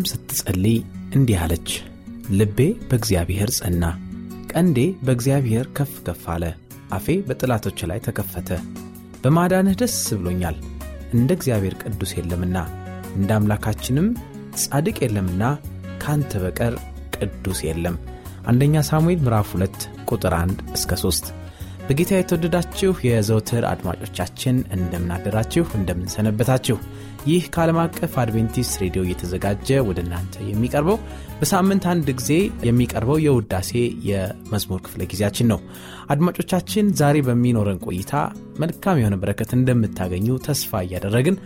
ከዚያም ስትጸልይ እንዲህ አለች። ልቤ በእግዚአብሔር ጸና፣ ቀንዴ በእግዚአብሔር ከፍ ከፍ አለ። አፌ በጥላቶች ላይ ተከፈተ። በማዳንህ ደስ ብሎኛል። እንደ እግዚአብሔር ቅዱስ የለምና እንደ አምላካችንም ጻድቅ የለምና ካንተ በቀር ቅዱስ የለም። አንደኛ ሳሙኤል ምዕራፍ 2 ቁጥር 1 እስከ 3። በጌታ የተወደዳችሁ የዘውትር አድማጮቻችን እንደምናደራችሁ እንደምንሰነበታችሁ ይህ ከዓለም አቀፍ አድቬንቲስት ሬዲዮ እየተዘጋጀ ወደ እናንተ የሚቀርበው በሳምንት አንድ ጊዜ የሚቀርበው የውዳሴ የመዝሙር ክፍለ ጊዜያችን ነው። አድማጮቻችን ዛሬ በሚኖረን ቆይታ መልካም የሆነ በረከት እንደምታገኙ ተስፋ እያደረግን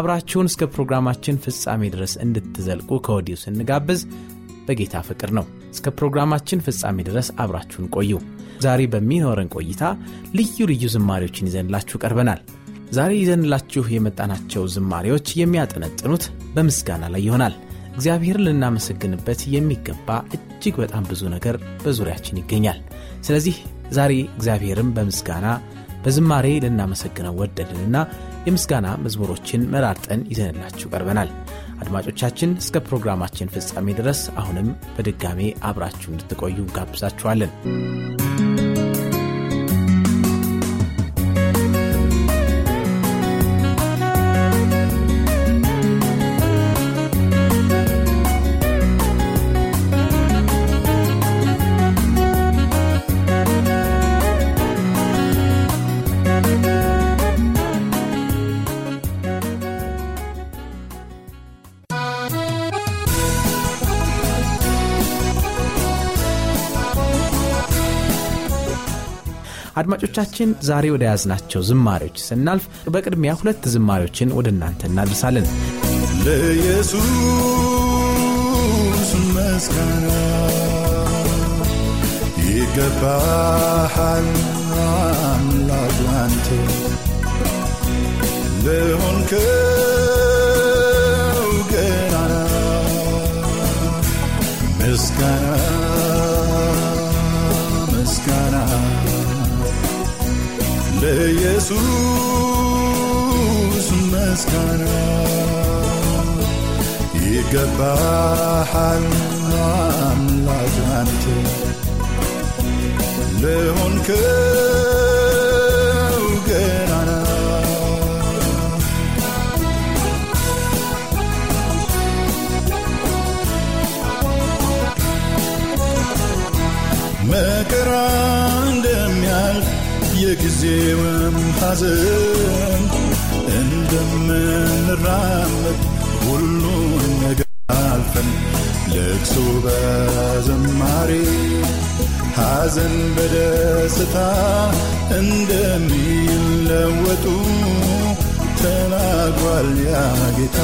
አብራችሁን እስከ ፕሮግራማችን ፍጻሜ ድረስ እንድትዘልቁ ከወዲሁ ስንጋብዝ በጌታ ፍቅር ነው። እስከ ፕሮግራማችን ፍጻሜ ድረስ አብራችሁን ቆዩ። ዛሬ በሚኖረን ቆይታ ልዩ ልዩ ዝማሬዎችን ይዘንላችሁ ቀርበናል። ዛሬ ይዘንላችሁ የመጣናቸው ዝማሬዎች የሚያጠነጥኑት በምስጋና ላይ ይሆናል። እግዚአብሔር ልናመሰግንበት የሚገባ እጅግ በጣም ብዙ ነገር በዙሪያችን ይገኛል። ስለዚህ ዛሬ እግዚአብሔርን በምስጋና በዝማሬ ልናመሰግነው ወደድንና የምስጋና መዝሙሮችን መራርጠን ይዘንላችሁ ቀርበናል። አድማጮቻችን እስከ ፕሮግራማችን ፍጻሜ ድረስ አሁንም በድጋሜ አብራችሁ እንድትቆዩ ጋብዛችኋለን። አድማጮቻችን ዛሬ ወደ ያዝናቸው ዝማሬዎች ስናልፍ በቅድሚያ ሁለት ዝማሬዎችን ወደ እናንተ እናድርሳለን ለኢየሱስ መስጋና ይገባሃል አምላክ አንተ ለሆንከው ገናና ምስጋና ምስጋና ለኢየሱስ ምስጋና ይገባሃል አምላክ አንተ ለሆንክን የጊዜውም ሐዘን እንደምንራመድ ሁሉን ነገር አልፈን ልቅሶ በዝማሬ ሐዘን በደስታ እንደሚለወጡ ተናግሯል ያ ጌታ።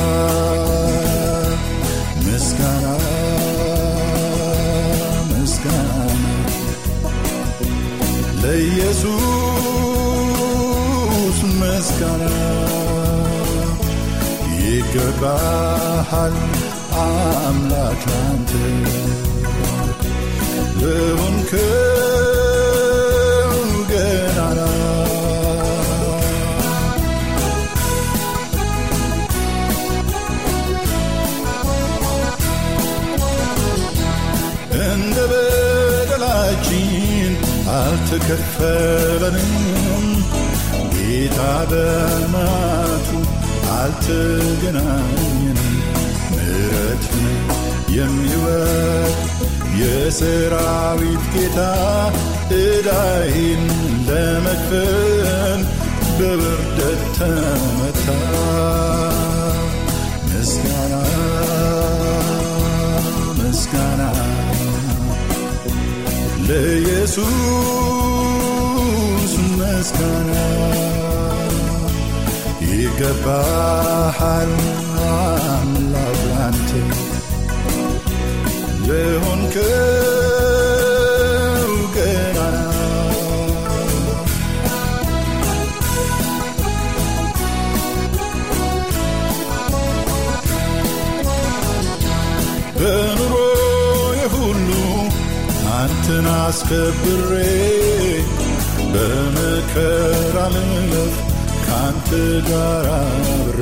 ምስጋና ምስጋና ለኢየሱስ ምስጋና ይገባሃል አምላክ ላንተ ለሆንክው ገናና እንደ በደላችን አልተከፈለንም ጌታ በማቱ አልተገናኘንም። ምሕረትን የሚወድ የሰራዊት ጌታ እዳይን ለመክፈል በብርደት ተመታ። ምስጋና ምስጋና ለኢየሱስ has come Igabahan ang labrante Leon ke Benro ye hulu antenas ke bray በመከራ ልለፍ ካንተ ጋር አብሬ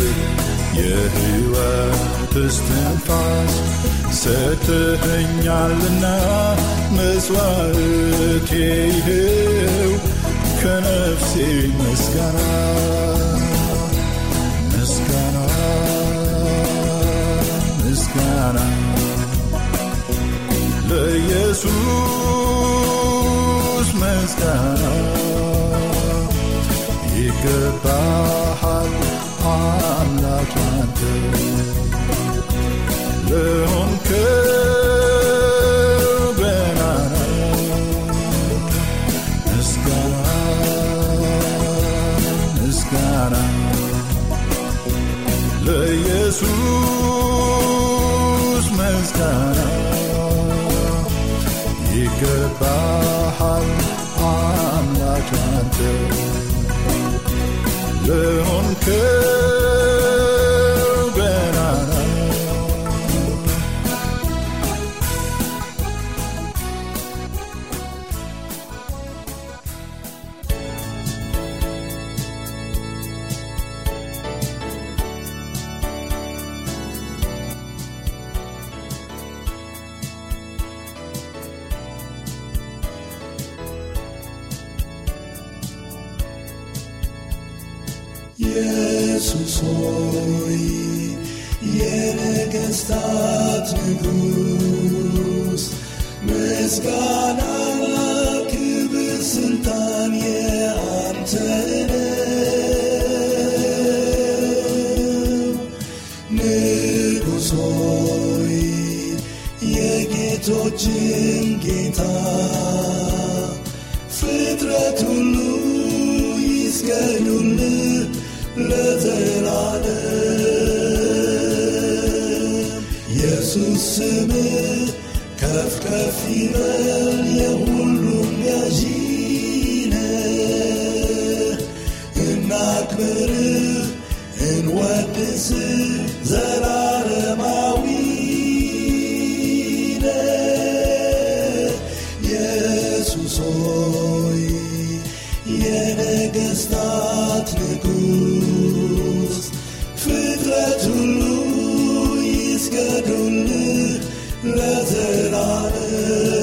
የሕይወት እስትንፋስ ሰጥተኸኛልና መሥዋዕቴ ይኸው ከነፍሴ ምስጋና ምስጋና ምስጋና ለኢየሱስ ምስጋና ይገባሃል አምላክ አንተ ለሆንክ ገናና ምስጋና ምስጋና ለኢየሱስ ምስጋና ይገባሃል አምላክ አንተ de on. ኢየሱስ ሆይ የነገሥታት ንጉሥ ምስጋና ክብር ስልጣን የአንተ ንጉሥ ሆይ የጌቶችን ጌታ ፍጥረት ሁሉ ይስገዱ سمي كاف كاف بال يغل يجينا إن أكبر إن واتسر زرع love.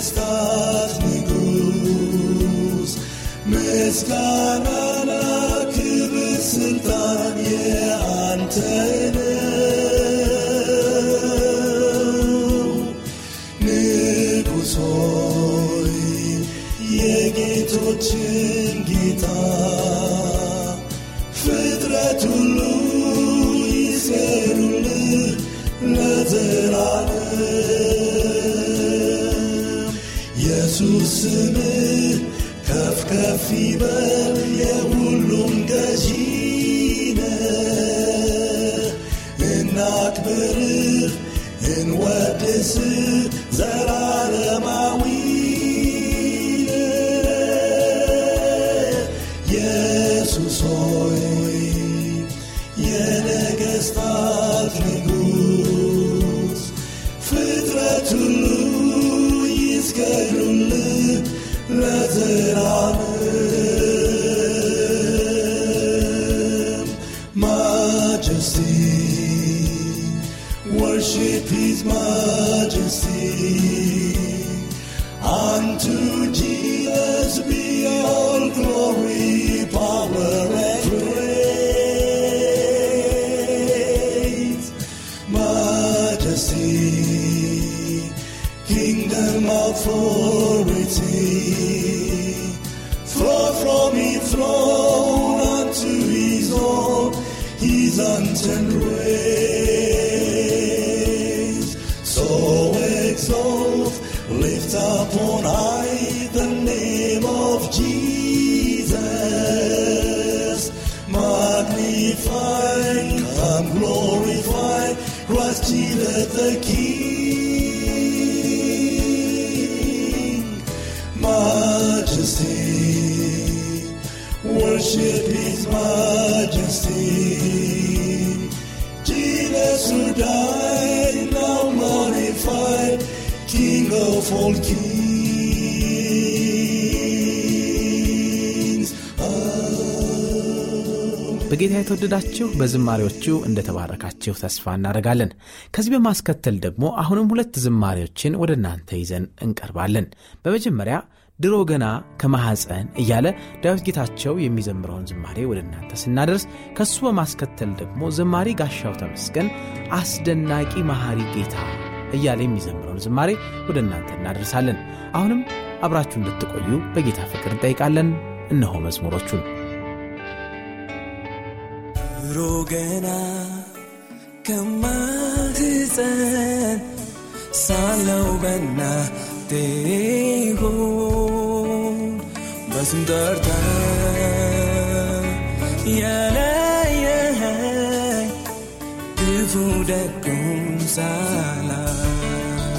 estás. በጌታ የተወደዳችሁ በዝማሬዎቹ እንደተባረካችሁ ተስፋ እናደርጋለን። ከዚህ በማስከተል ደግሞ አሁንም ሁለት ዝማሬዎችን ወደ እናንተ ይዘን እንቀርባለን። በመጀመሪያ ድሮ ገና ከማሐፀን እያለ ዳዊት ጌታቸው የሚዘምረውን ዝማሬ ወደ እናንተ ስናደርስ ከእሱ በማስከተል ደግሞ ዘማሪ ጋሻው ተመስገን አስደናቂ መሐሪ ጌታ እያለ የሚዘምረውን ዝማሬ ወደ እናንተ እናደርሳለን። አሁንም አብራችሁ እንድትቆዩ በጌታ ፍቅር እንጠይቃለን። እነሆ መዝሙሮቹን ገና ከማትፀን ሳለው በናቴ ሆን በስም ጠርታ ክፉ ሳላውቅ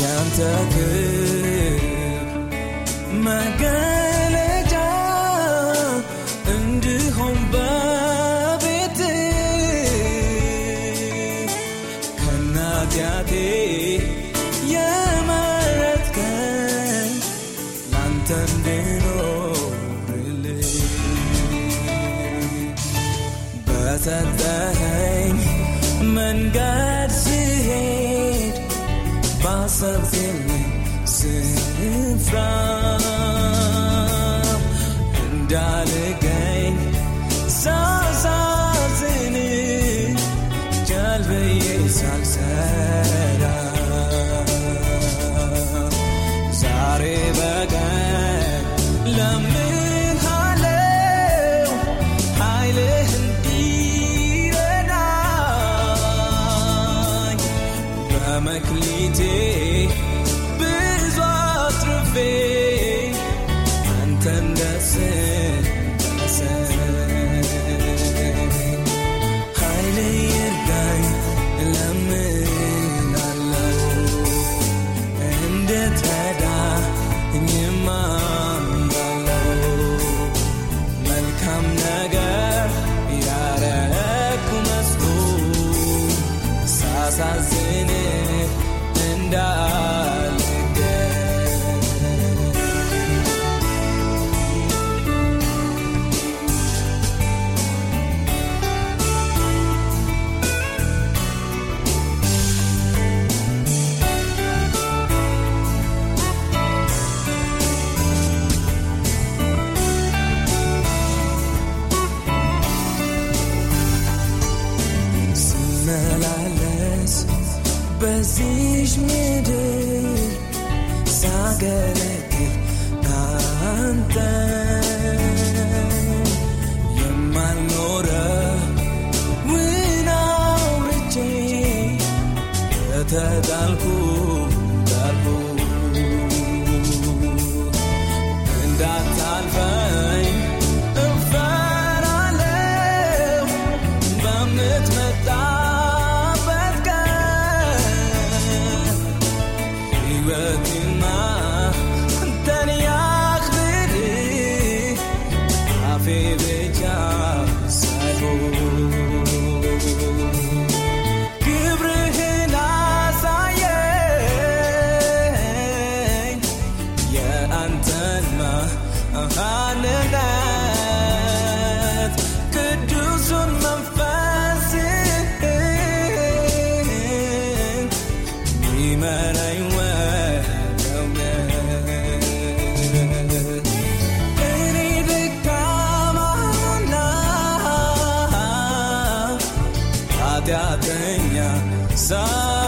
ያንተ ክብር መገ እንድኖርልህ በሰጠኸኝ መንገድ ስሄድ ባሰብክልኝ ስፍራ እንዳ sun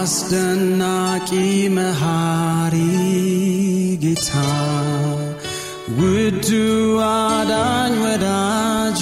አስደናቂ መሃሪ ጌታ ውዱ አዳኝ ወዳጄ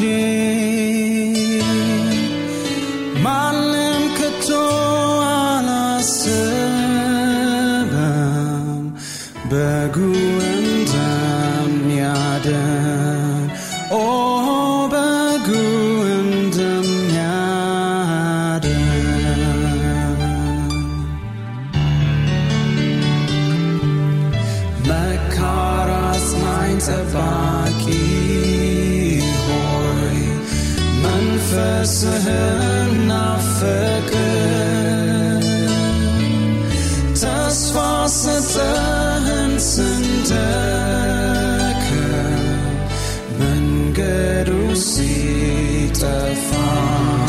The phone.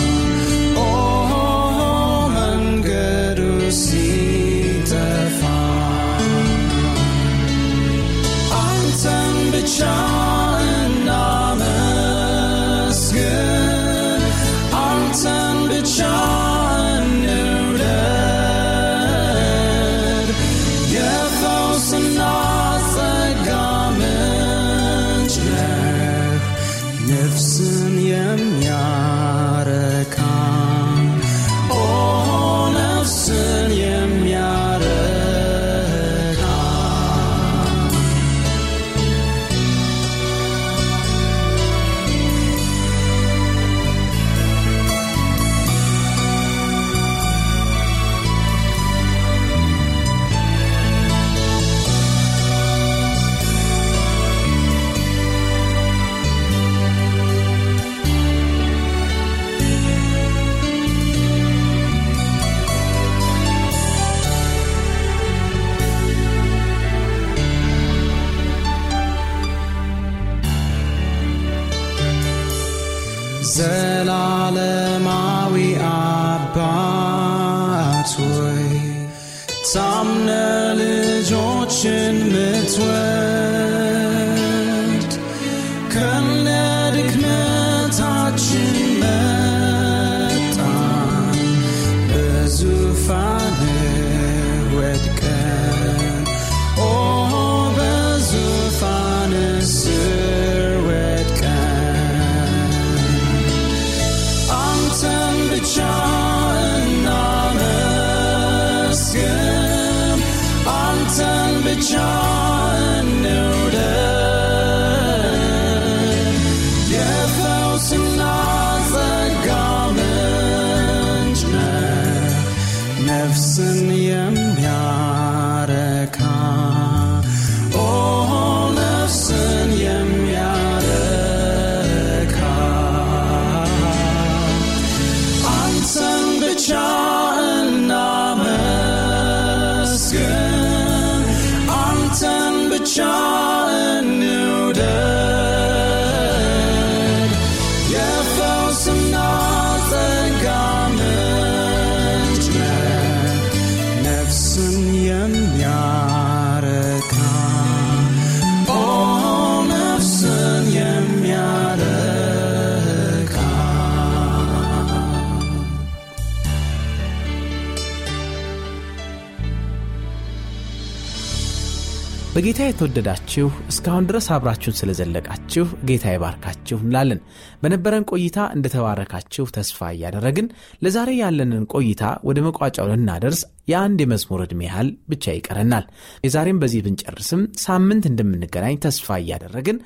በጌታ የተወደዳችሁ እስካሁን ድረስ አብራችሁን ስለዘለቃችሁ ጌታ ይባርካችሁ እንላለን። በነበረን ቆይታ እንደተባረካችሁ ተስፋ እያደረግን ለዛሬ ያለንን ቆይታ ወደ መቋጫው ልናደርስ የአንድ የመዝሙር ዕድሜ ያህል ብቻ ይቀረናል። የዛሬም በዚህ ብንጨርስም ሳምንት እንደምንገናኝ ተስፋ እያደረግን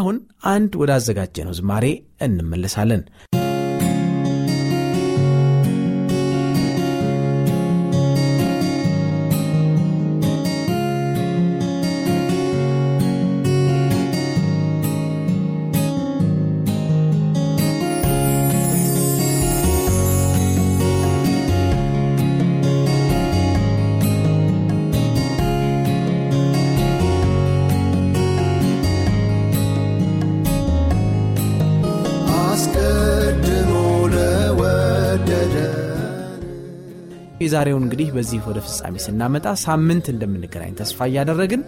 አሁን አንድ ወዳዘጋጀነው ዝማሬ እንመለሳለን። የዛሬውን እንግዲህ በዚህ ወደ ፍጻሜ ስናመጣ ሳምንት እንደምንገናኝ ተስፋ እያደረግን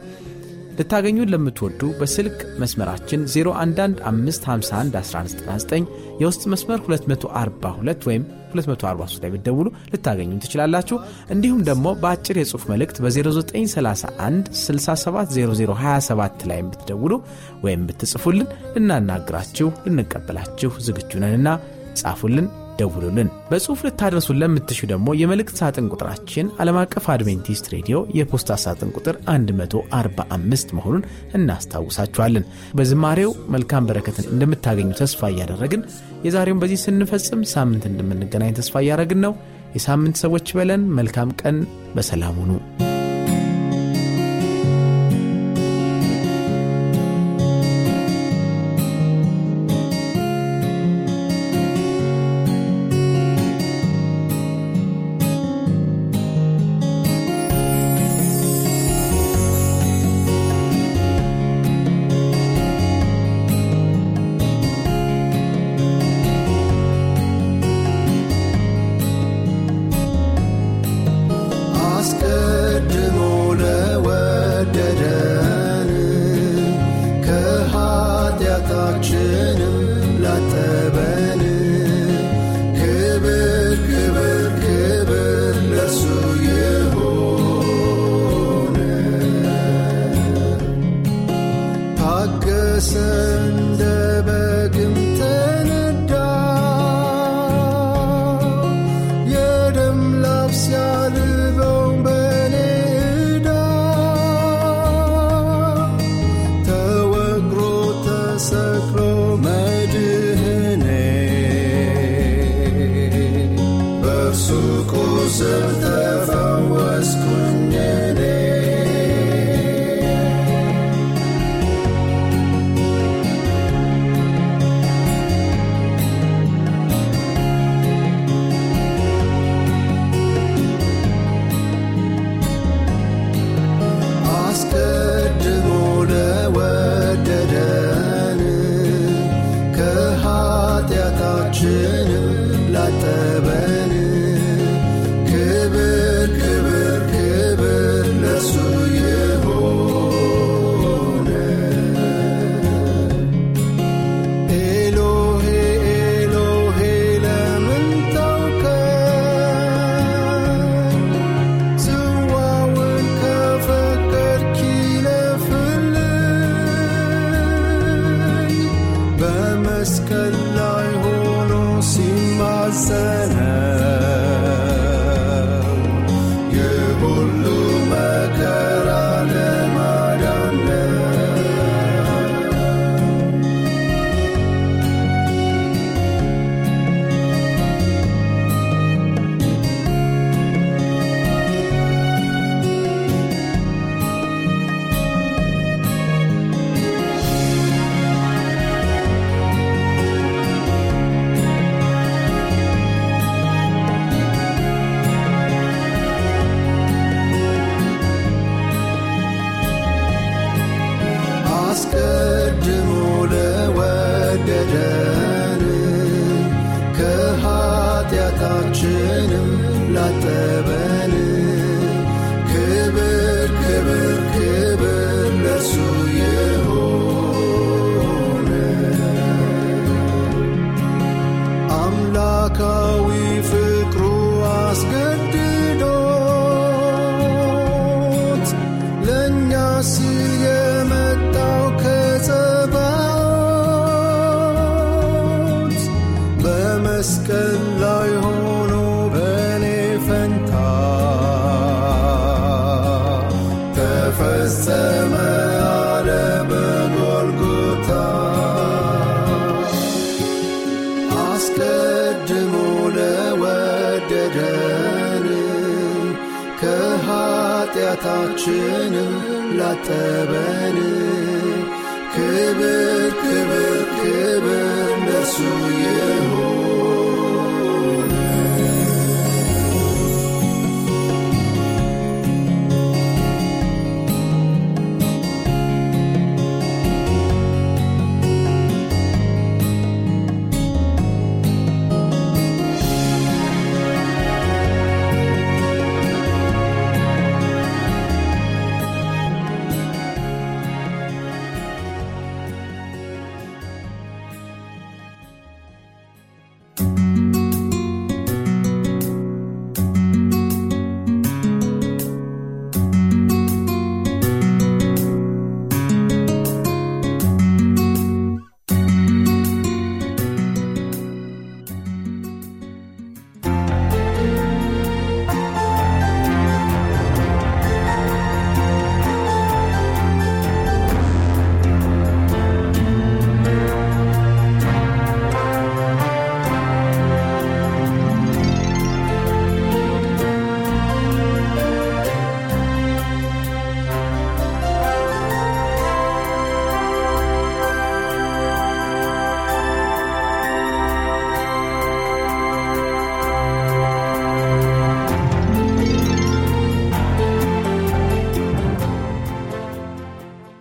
ልታገኙን ለምትወዱ በስልክ መስመራችን 0115511199 የውስጥ መስመር 242 ወይም 243 ላይ ብደውሉ ልታገኙን ትችላላችሁ። እንዲሁም ደግሞ በአጭር የጽሑፍ መልእክት በ0931 670027 ላይ ብትደውሉ ወይም ብትጽፉልን ልናናግራችሁ ልንቀበላችሁ ዝግጁ ነንና ጻፉልን። ደውሉልን። በጽሑፍ ልታደርሱን ለምትሹ ደግሞ የመልእክት ሳጥን ቁጥራችን ዓለም አቀፍ አድቬንቲስት ሬዲዮ የፖስታ ሳጥን ቁጥር 145 መሆኑን እናስታውሳችኋለን። በዝማሬው መልካም በረከትን እንደምታገኙ ተስፋ እያደረግን የዛሬውን በዚህ ስንፈጽም ሳምንት እንደምንገናኝ ተስፋ እያደረግን ነው። የሳምንት ሰዎች በለን። መልካም ቀን። በሰላም ሁኑ። sunday ተፈጸመ አለ በጎልጎታ አስቀድሞ ለወደደን ከኀጢአታችን ላጠበን ክብር ክብር ክብር ለርሱ ይሁን